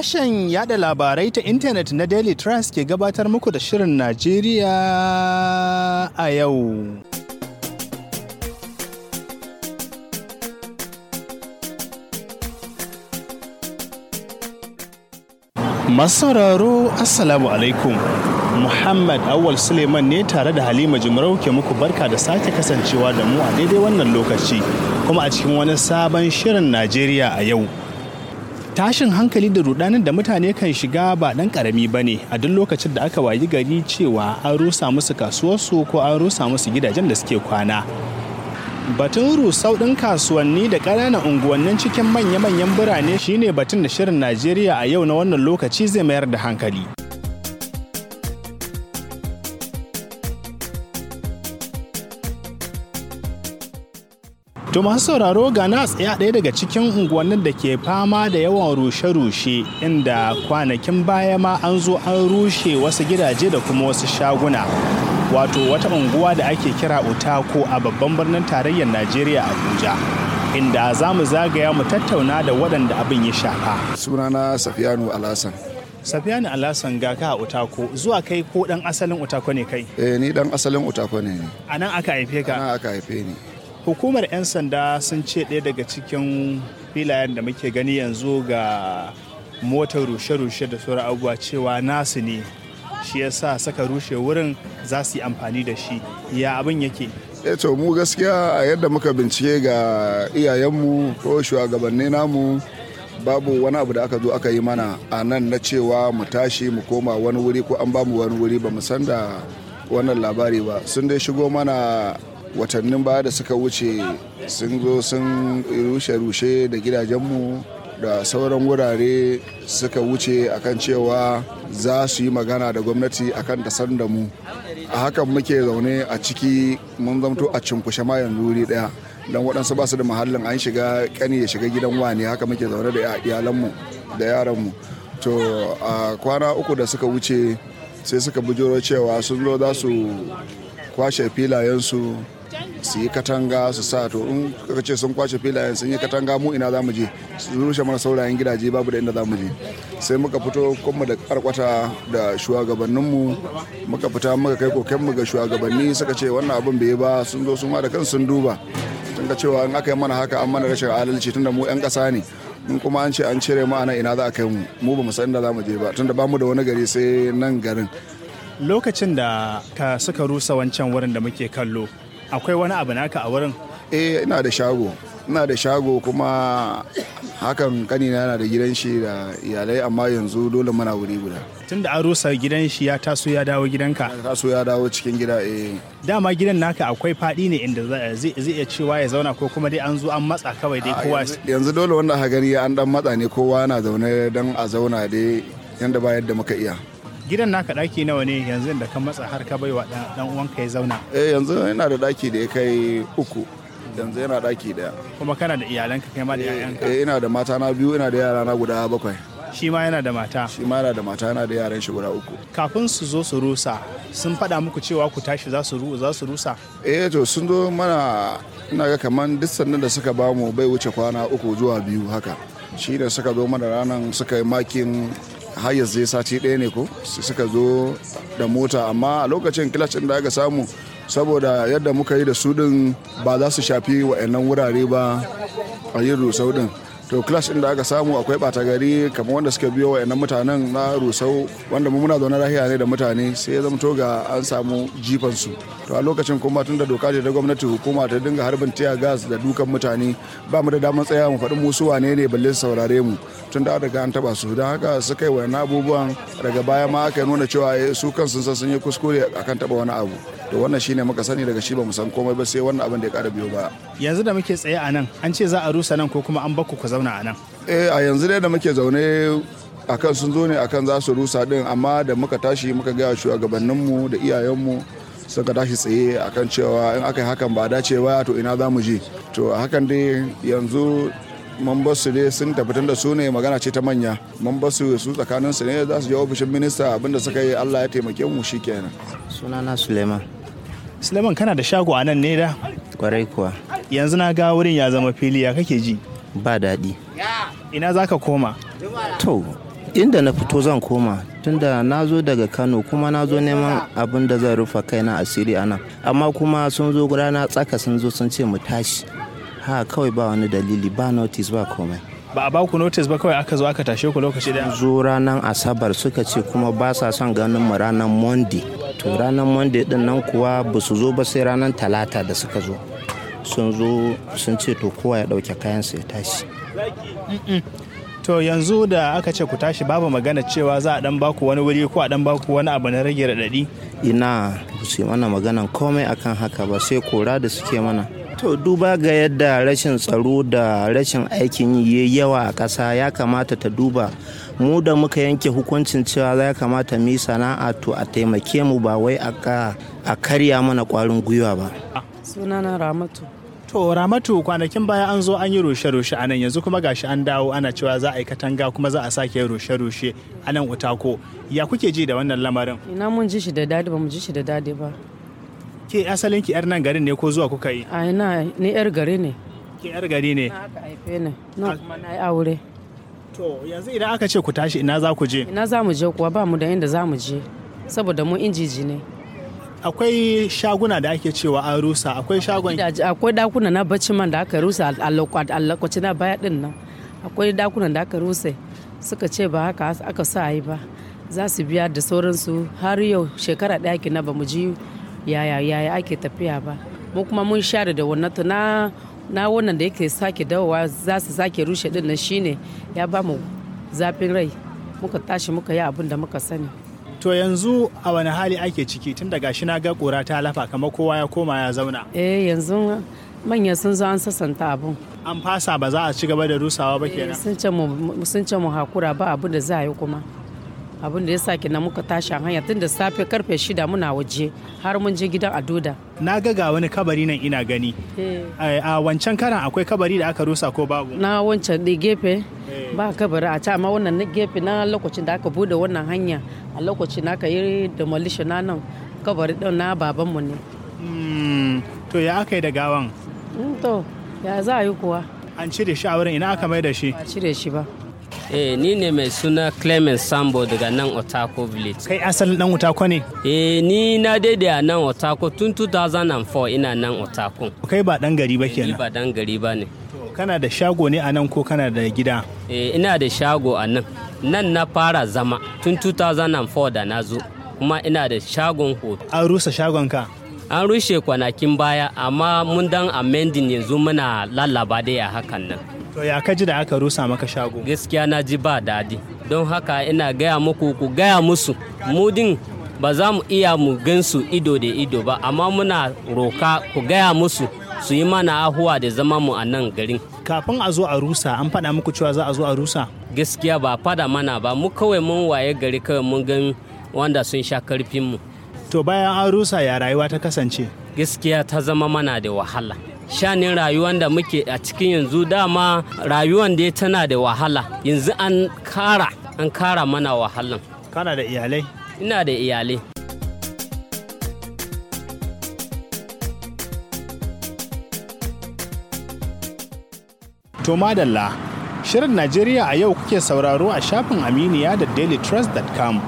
Sashen yada labarai ta intanet na Daily Trust ke gabatar muku da Shirin Najeriya a yau. masararo Assalamu alaikum. Muhammad Awal Suleiman ne tare da Halima Jumrau ke muku barka da sake kasancewa da mu a daidai wannan lokaci kuma a cikin wani sabon Shirin Najeriya a yau. tashin hankali da rudanin da mutane kan shiga ba dan karami ba ne a duk lokacin da aka wayi gari cewa an rusa musu kasuwarsu ko an rusa musu gidajen da suke kwana batun rusau ɗin kasuwanni da ƙananan unguwannin cikin manya-manyan birane shine batun da shirin najeriya a yau na wannan lokaci zai mayar da hankali To masu sauraro ga na tsaya ɗaya daga cikin unguwannin da ke fama da yawan rushe-rushe inda kwanakin baya ma an zo an rushe wasu gidaje da kuma wasu shaguna. Wato wata unguwa da ake kira Utako a babban birnin tarayyar Najeriya Abuja. Inda za mu zagaya mu tattauna da waɗanda abin ya shafa. Sunana Safiyanu Alhassan. Safiyanu Alhassan ga ka a Utako zuwa kai ko ɗan asalin Utako ne kai? Eh ni ɗan asalin Utako ne. A nan aka haife ka? A nan aka haife ni. hukumar 'yan sanda sun ce ɗaya daga cikin filayen da muke gani yanzu ga motar rushe-rushe da sauran abubuwa cewa nasu ne shi ya sa saka rushe wurin za su yi amfani da shi ya abin yake e to mu gaskiya a yadda muka bincike ga iyayenmu ko shugabanni namu babu wani abu da aka zo aka yi mana a nan na cewa mu tashi mu koma wani wuri ko an bamu wani wuri ba mu san da wannan labari ba sun dai shigo mana watannin baya da suka wuce sun zo sun rushe-rushe da gidajenmu da sauran wurare suka wuce akan cewa za su yi magana da gwamnati akan ta da mu a hakan muke zaune a ciki mun zamto a cinkushe ma yanzu wuri daya don waɗansu ba su da muhallin an shiga kani ya shiga gidan wani haka muke zaune da iyalanmu da yaranmu to a kwana uku da suka wuce sai suka bujuro cewa sun zo za su kwashe filayensu su yi katanga su sa to in kaka ce sun kwace filayen sun yi katanga mu ina za mu je su rushe mana saurayen gidaje babu da inda za mu je sai muka fito kuma da karkwata da shugabanninmu muka fita muka kai mu ga shugabanni suka ce wannan abin bai ba sun zo sun ma da kansu sun duba sun ga cewa in aka yi mana haka an mana rashin adalci tunda mu 'yan ƙasa ne in kuma an ce an cire mu ana ina za a kai mu mu ba mu san inda za mu je ba tunda ba mu da wani gari sai nan garin lokacin da ka suka rusa wancan wurin da muke kallo akwai wani abu naka a wurin eh ina da shago ina da shago kuma hakan kanina yana da gidan shi da iyalai amma yanzu dole muna wuri guda tunda an rusa gidan shi ya taso ya dawo gidanka ya taso ya dawo cikin gida eh dama gidan naka akwai fadi ne inda zai iya cewa ya zauna ko kuma dai an zo an matsa kawai dai kowa yanzu dole wanda ha gani an dan matsa ne kowa na zaune dan a zauna dai yanda ba yadda muka iya gidan naka daki nawa ne yanzu da ka matsa har ka baiwa dan uwanka ya zauna eh yanzu yana da daki da ya kai uku yanzu yana daki daya kuma kana da iyalanka kai ma da yayanka eh, eh ina da mata na biyu ina da yara na guda bakwai shi ma yana da mata shi ma yana da mata yana da yaran shi guda uku kafin su zo su rusa sun faɗa muku cewa ku tashi za su za su rusa eh to sun zo mana ina ga kaman duk sannan da suka bamu bai wuce kwana uku zuwa biyu haka shi da suka zo mana ranan suka yi makin har yanzu sati ɗaya ne ko suka zo da mota amma a lokacin kilas ɗin da aka samu saboda yadda muka yi da su ɗin ba za su shafi wa'annan wurare ba a yin rusau ɗin to clash din da aka samu akwai bata gari kamar wanda suka biyo wayannan mutanen na rusau wanda muna zaune rahiya ne da mutane sai ya zamto ga an samu jifan su to a lokacin kuma tun da doka ce ta gwamnati hukuma ta dinga harbin tiya gas da dukan mutane ba mu da damar tsaya mu faɗi musu wane ne balle saurare mu tun da daga an taba su don haka suka yi wayannan abubuwan daga baya ma aka nuna cewa eh, su kansu sun yi kuskure akan taba wani abu to wannan shine muka sani daga shi ba mu san komai ba sai wannan abin da ya kara biyo ba yanzu da muke tsaye a nan an ce za a rusa nan ko kuma an bakku ku zauna a nan eh a yanzu dai da muke zaune akan sun zo ne akan za su rusa din amma da muka tashi muka gaya mu da iyayenmu suka tashi tsaye akan cewa in aka yi hakan ba dace ba to ina za mu je to hakan dai yanzu su dai sun tafi da su ne magana ce ta manya mambasu su tsakaninsu ne za su je ofishin minista abinda suka yi allah ya taimake mu shikenan sunana suleiman Suleiman kana da shago a nan ne da? Kwarai kuwa. Yanzu na ga wurin ya zama fili ya kake ji? Ba daɗi. Ina za ka koma? To, inda na fito zan koma tunda na zo daga Kano kuma na zo neman abin da zan rufa kaina asiri a nan. Amma kuma sun zo rana tsaka sun zo sun ce mu tashi. Ha kawai ba wani dalili ba notice ba komai. ba a baku notis ba kawai aka zo aka tashe ku lokaci da zo ranar asabar suka ce kuma ba sa son ganin mu ranar monday to ranar monday din nan kuwa ba su zo ba sai ranar talata da suka zo sun zo sun ce to kowa ya dauke kayansu ya tashi to yanzu da aka ce ku tashi babu magana cewa za a dan baku wani wuri ko a dan baku wani abu na rage radadi ina su mana maganan komai akan haka ba sai kora da suke mana To duba ga yadda rashin tsaro da rashin aikin yi ya yawa a ƙasa ya kamata ta duba mu da muka yanke hukuncin cewa za ya kamata mu sana'a to a taimake mu ba wai a karya mana ƙwarin gwiwa ba. Sunana Ramatu. To Ramatu kwanakin baya an zo an yi rushe-rushe a nan yanzu kuma gashi an dawo ana cewa za a yi katanga kuma za a sake rushe-rushe a nan Utako. Ya kuke ji da wannan lamarin? Ina mun ji shi da dadi ba mu ji shi da dadi ba. ke asalin ki yar nan garin ne ko zuwa kuka yi Ai na ni yar gari ne ke yar gari ne na aka haife ne na kuma na yi aure to yanzu idan aka ce ku tashi ina za ku je ina za mu je kuwa ba mu da inda za mu je saboda mu injiji ne akwai shaguna da ake cewa an rusa akwai shagon akwai dakuna na bacci man da aka rusa a na baya din nan akwai dakuna da aka rusa suka ce ba haka aka sa yi ba za su biya da sauransu har yau shekara ɗaya kina ba mu ji yaya yaya ake tafiya ba mu kuma mun share da wannan na wannan da yake sake dawowa za su sake rushe din nan shine ya ba mu zafin rai muka tashi muka yi abin da muka sani to yanzu a wani hali ake ciki tun daga shi na ga kura ta lafa kamar kowa ya koma ya zauna eh yanzu manya sun zo an sasanta abun. an fasa ba za a ci gaba da rusawa ba eh, kenan sun ce mu hakura ba abin da za a yi kuma abin da ya sa kenan muka tashi hanya tun da safe karfe shida muna waje har mun je gidan doda na ga ga wani kabari nan ina gani eh. Eh, a wancan karan akwai kabari da aka rusa ko babu na wancan da gefe eh. ba kabari a ta amma wannan na gefe na lokacin da aka bude wannan hanya a lokacin aka yi demolition na nan kabari din na babanmu ne hmm, to ya aka yi da gawan hmm, to ya za a yi kuwa an cire shi a wurin ina aka mai da shi ba cire shi ba Eh ni ne mai suna Clement Sambo daga nan Otako Village. Kai asalin dan Otako ne? Eh ni na daidai a nan Otako tun 2004 ina nan Otako. Kai ba dan gari ba eh, kenan. Ni ba dan gari ba ne. Kana da shago ne a nan ko kana da gida? Eh ina da shago a nan. Nan na fara zama tun 2004 da na zo. Kuma ina da shagon hoto. An rusa shagon ka? an rushe kwanakin baya amma mun dan amending yanzu muna lallaba dai a hakan nan To ya kaji da aka rusa maka shago? Gaskiya na ji ba daɗi. Don haka ina gaya muku ku gaya musu. Mudin ba za mu iya mu gansu ido da ido ba amma muna roka ku gaya musu su yi mana ahuwa da zama mu a nan garin kafin a zo a rusa an faɗa muku cewa za a zo a rusa gaskiya ba faɗa mana ba mu kawai mun waye gari kawai mun gan wanda sun sha karfin mu to bayan an rusa ya rayuwa ta kasance gaskiya ta zama mana da wahala shanin rayuwar da muke a cikin yanzu dama rayuwar da tana da wahala yanzu an kara an kara mana wahalan kana da iyalai ina da iyalai to madalla shirin najeriya a yau kuke sauraro a shafin aminiya da dailytrust.com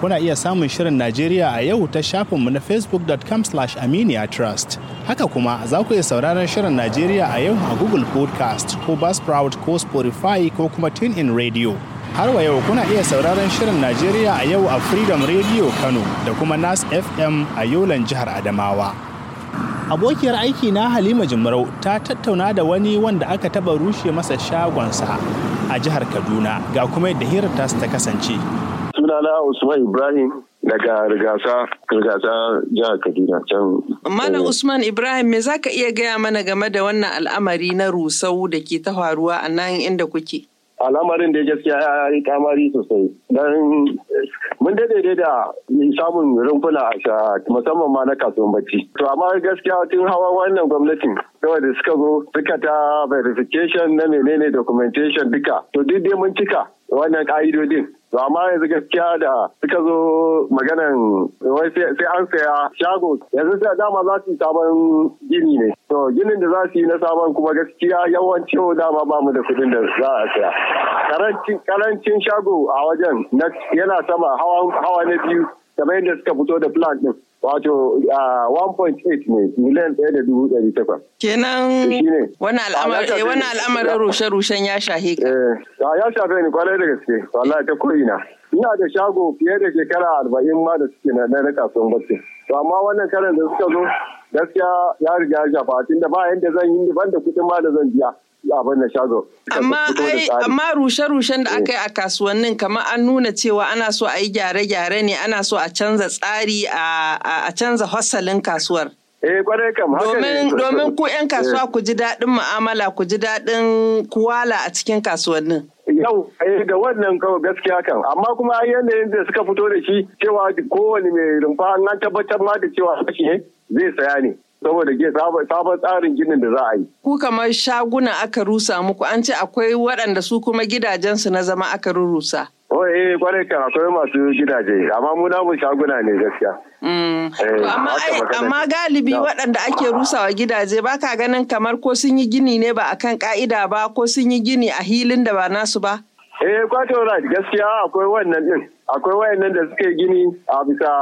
kuna iya samun shirin najeriya a yau ta shafinmu na facebook.com aminiya trust Haka kuma za ku iya sauraron shirin Najeriya a yau a Google Podcast ko Buzzsprout ko Spotify ko kuma TuneIn Radio. Har wa yau kuna iya sauraron shirin Najeriya a yau a Freedom Radio Kano da kuma Nas FM a Yolan jihar Adamawa. abokiyar aiki na halima jimarau ta tattauna da wani wanda aka taba rushe masa shagonsa a jihar kaduna ga kuma yadda hirar ta kasance sunana usman ibrahim daga rigasa rigasa jihar kaduna can malam eh, usman ibrahim me zaka iya gaya mana game da wannan al'amari na rusau da ke ta faruwa a nan inda kuke al'amarin da gaskiya ya yi kamari sosai don eh, mun daidai da samun rumfuna a musamman ma na kasuwan bacci to amma gaskiya tun hawa wannan gwamnatin kawai da suka zo suka ta verification na menene documentation duka to duk dai mun cika wannan ka'idodin to amma yanzu gaskiya da suka zo maganan wai sai an saya shago yanzu sai dama za su yi sabon gini ne to ginin da za su yi na sabon kuma gaskiya yawanci dama ba mu da kuɗin da za a saya karancin shago a wajen yana sama hawa na biyu kamar yadda suka fito da plan din wato 1.8 ne miliyan ɗaya da dubu ɗari takwas. Kenan wani eh, al'amarin rushe-rushen ya shahi ka. Eh, ya shafe ni kwarai da gaske, wallahi ta ko'ina. Ina da shago fiye da shekara arba'in ma da suke na na kasuwan bacci. To amma wannan karan da suka zo gaskiya ya riga ya shafa da ba yadda zan yi ban da kuɗin ma da zan biya. abin da shago. Amma ai rushe-rushen da eh. aka yi a kasuwannin kamar an nuna cewa ana so a yi gyare-gyare ne ana so a canza tsari a canza hasalin kasuwar. Eh kwarai kam haka ne. Domin ku 'yan kasuwa eh. ku ji daɗin mu'amala ku ji daɗin kuwala a cikin kasuwannin. yau eh, da wannan kawai gaskiya kan amma kuma yanayin da suka fito da shi cewa kowane mai rumfa an tabbatar ma da cewa shi zai saya ne saboda ke sabon tsarin ginin da za a yi. Ku kamar shaguna aka rusa muku an ce akwai waɗanda su kuma gidajensu na zama aka rurusa. Oh eh kwarai kan akwai masu gidaje amma mu shaguna ne gaskiya. Mm. Eh, amma galibi waɗanda ake rusawa gidaje ba ka ganin kamar ko sun yi gini ne ba kan ka'ida ba ko sun yi gini a hilin da ba nasu ba. Eh kwato gaskiya akwai wannan din. akwai wayannan da suke gini a bisa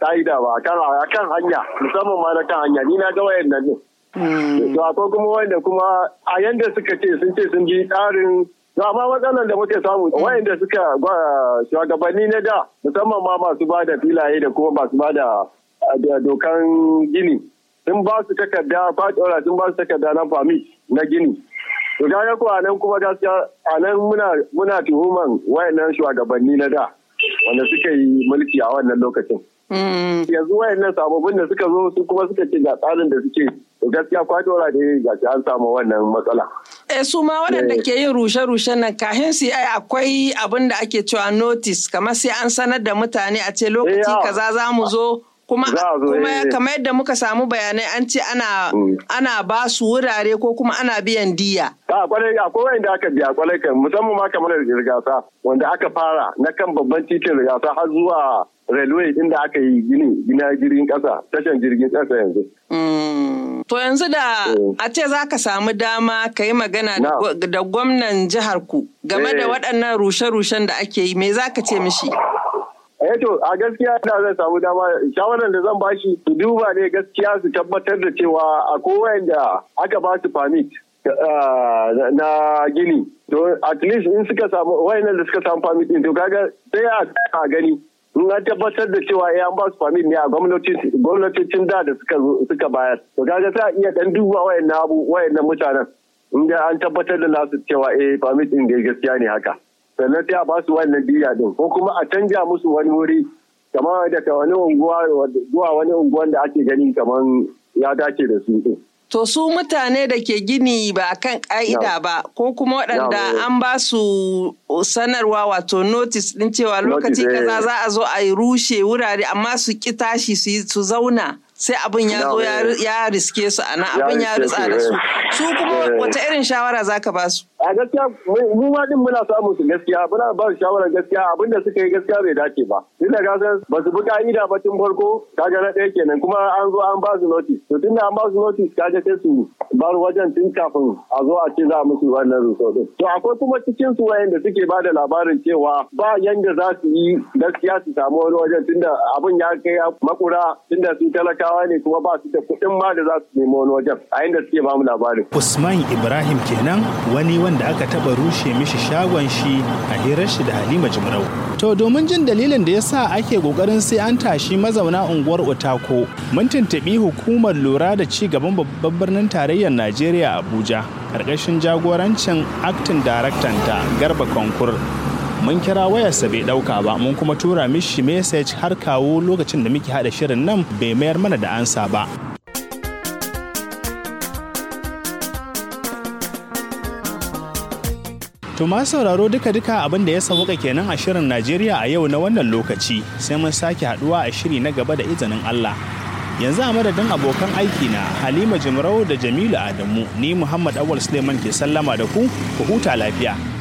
ta'ida ba a kan hanya musamman ma na kan hanya ni na ga wayannan ne mm. to akwai kuma wayanda kuma a yanda suka ce sun ce sun bi tsarin amma matsalar da muke samu mm. wayanda suka shugabanni na da musamman ma masu ba da filaye da kuma masu ba da dokan gini sun ba su takarda kwatsora sun ba su takarda na fami na gini to ga ko nan kuma gaskiya a nan muna muna tuhuman wayannan shugabanni na da wanda suka yi mulki a wannan lokacin. Mm. Yanzu wayannan sababbin da suka zo su kuma suka ce ga tsarin da suke gaskiya kwadora da ga shi an samu wannan matsala. E su ma waɗanda eh. ke yin rushe-rushe nan kahin su ai akwai abin da ake cewa notice kamar sai an sanar da mutane a ce lokaci eh, kaza za mu zo kuma eh, eh. kamar yadda muka samu bayanai an ce ana mm. ana ba su wurare ko kuma ana biyan diya a kwarai akwai wanda aka biya kwarai kan musamman ma kamar rigasa wanda aka fara na kan babban titin rigasa har zuwa railway inda aka yi gini gina jirgin kasa tashan jirgin kasa yanzu mm. to yanzu da eh. a ce za ka samu dama ka yi magana da gwamnan jihar ku game da waɗannan rushe-rushen da ake yi me za ka ce mishi eh to a gaskiya da zai samu dama shawaran da zan bashi su duba ne gaskiya su tabbatar da cewa kowai wayanda aka ba su permit eh, na gini to at least in suka samu wayannan da suka samu permit din to kaga sai a gani an tabbatar da cewa ya eh, ba su permit ne a gwamnatocin da da suka bayar to kaga sai iya dan duba wayannan abu wayannan mutanen in an tabbatar da nasu cewa eh permit din da gaskiya ne haka sannan sai a ba su wannan diya din ko kuma a canja musu wani wuri kamar daga wani unguwa zuwa wani unguwan da ake gani kamar ya dace da su To su mutane da ke gini ba kan ƙa'ida ba ko kuma waɗanda eh. an ba su sanarwa wato notice ɗin cewa lokaci eh. kaza za a zo a rushe wurare amma su ki tashi su zauna sai abin ya zo eh. ya riske su ana abin ya ritsa da su. Su kuma wata irin shawara za ka ba su? a gaskiya mu ma din muna samun su gaskiya muna ba su shawarar gaskiya abin da suka yi gaskiya bai dace ba inda da gasar ba su bi ka'ida ba tun farko kaga na ɗaya kenan kuma an zo an ba su notice to tunda da an ba su notice kaga sai su bar wajen tun kafin a zo a ce za musu wannan rusau din to akwai kuma cikin su wayanda suke ba da labarin cewa ba yanda za su yi gaskiya su samu wani wajen tunda abin ya kai makura tunda su talakawa ne kuma ba su da kuɗin ma da za su nemi wani wajen a yanda suke ba mu labarin Usman Ibrahim kenan wani wani da aka taba rushe mishi shagon shi a hirar shi da Halima Jimrau. To domin jin dalilin da ya sa ake kokarin sai an tashi mazauna unguwar Otako, mun tuntubi hukumar lura da ci gaban babban birnin tarayyar Najeriya Abuja, karkashin jagorancin acting director ta Garba Konkur. Mun kira wayarsa bai ɗauka ba mun kuma tura mishi message har kawo lokacin da muke haɗa shirin nan bai mayar mana da ansa ba. To sauraro duka-duka abin da ya sauka kenan a shirin Najeriya a yau na wannan lokaci sai mun sake haduwa a shiri na gaba da izinin Allah. Yanzu a madadin abokan aiki na Halima Jimrau da Jamilu Adamu ni Muhammad Awal Suleiman ke sallama da ku ku huta lafiya.